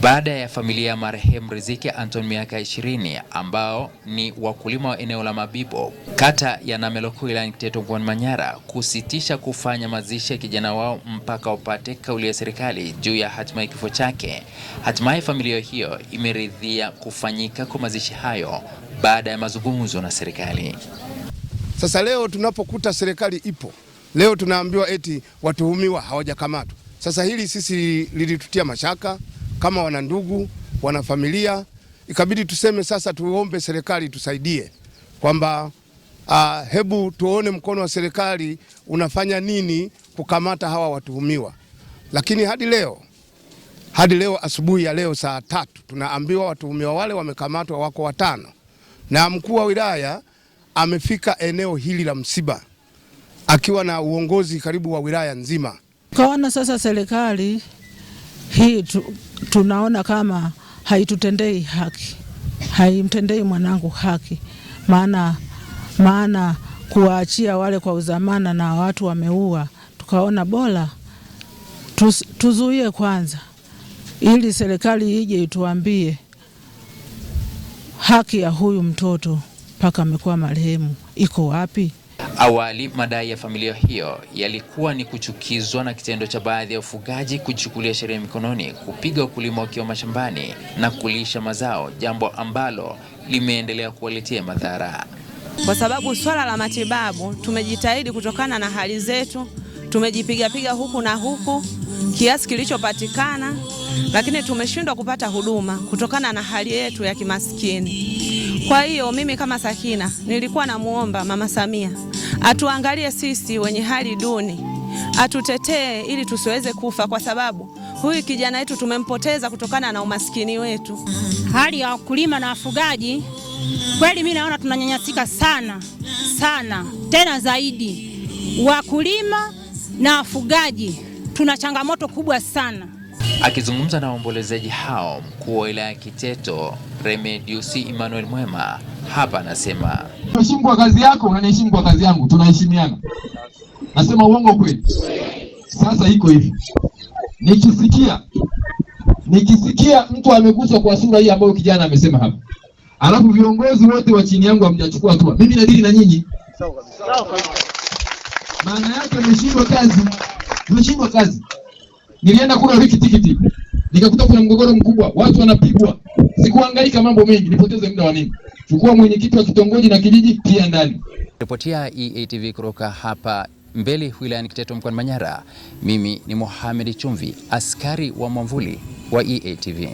Baada ya familia ya marehemu Riziki Anton miaka 20 ambao ni wakulima wa eneo la Mabibo kata ya nameloku wilayani Kiteto mkoani Manyara kusitisha kufanya mazishi ya kijana wao mpaka wapate kauli ya serikali juu ya hatima ya kifo chake, hatimaye familia hiyo imeridhia kufanyika kwa mazishi hayo baada ya mazungumzo na serikali. Sasa leo tunapokuta serikali ipo, leo tunaambiwa eti watuhumiwa hawajakamatwa. Sasa hili sisi lilitutia mashaka kama wana ndugu, wana familia, ikabidi tuseme sasa, tuombe serikali tusaidie kwamba uh, hebu tuone mkono wa serikali unafanya nini kukamata hawa watuhumiwa. Lakini hadi leo hadi leo asubuhi ya leo saa tatu tunaambiwa watuhumiwa wale wamekamatwa, wako watano, na mkuu wa wilaya amefika eneo hili la msiba akiwa na uongozi karibu wa wilaya nzima. Kaona sasa serikali hii tunaona kama haitutendei haki, haimtendei mwanangu haki, maana maana kuwaachia wale kwa uzamana na watu wameua, tukaona bora tuz, tuzuie kwanza, ili serikali ije ituambie haki ya huyu mtoto mpaka amekuwa marehemu iko wapi. Awali madai ya familia hiyo yalikuwa ni kuchukizwa na kitendo cha baadhi ya wafugaji kuchukulia sheria mikononi, kupiga wakulima wakiwa mashambani na kulisha mazao, jambo ambalo limeendelea kuwaletea madhara. Kwa sababu swala la matibabu, tumejitahidi kutokana na hali zetu, tumejipigapiga huku na huku kiasi kilichopatikana, lakini tumeshindwa kupata huduma kutokana na hali yetu ya kimaskini. Kwa hiyo mimi kama Sakina nilikuwa namuomba Mama Samia atuangalie sisi wenye hali duni, atutetee ili tusiweze kufa, kwa sababu huyu kijana wetu tumempoteza kutokana na umaskini wetu. Hali ya wakulima na wafugaji kweli, mimi naona tunanyanyasika sana sana, tena zaidi wakulima na wafugaji tuna changamoto kubwa sana. Akizungumza na waombolezaji hao, mkuu wa wilaya ya Kiteto Remedius Emmanuel Mwema hapa anasema heshimu kwa kazi yako, unaniheshimu kwa kazi yangu, tunaheshimiana. Nasema uongo kweli? Sasa iko hivi, nikisikia nikisikia mtu ameguswa kwa sura hii ambayo kijana amesema hapa, alafu viongozi wote wa chini yangu hamjachukua hatua, mimi nadili na nyinyi, maana yake meshindwa kazi, meshindwa kazi Nilienda kula wiki tikiti, nikakuta kuna mgogoro mkubwa, watu wanapigwa. Sikuangaika mambo mengi, nipoteze muda wa nini? Chukua mwenyekiti wa kitongoji na kijiji, pia ndani. Ripotia EATV kutoka hapa Mbeli wilayani Kiteto mkoani Manyara. Mimi ni Mohamed Chumvi, askari wa mwamvuli wa EATV.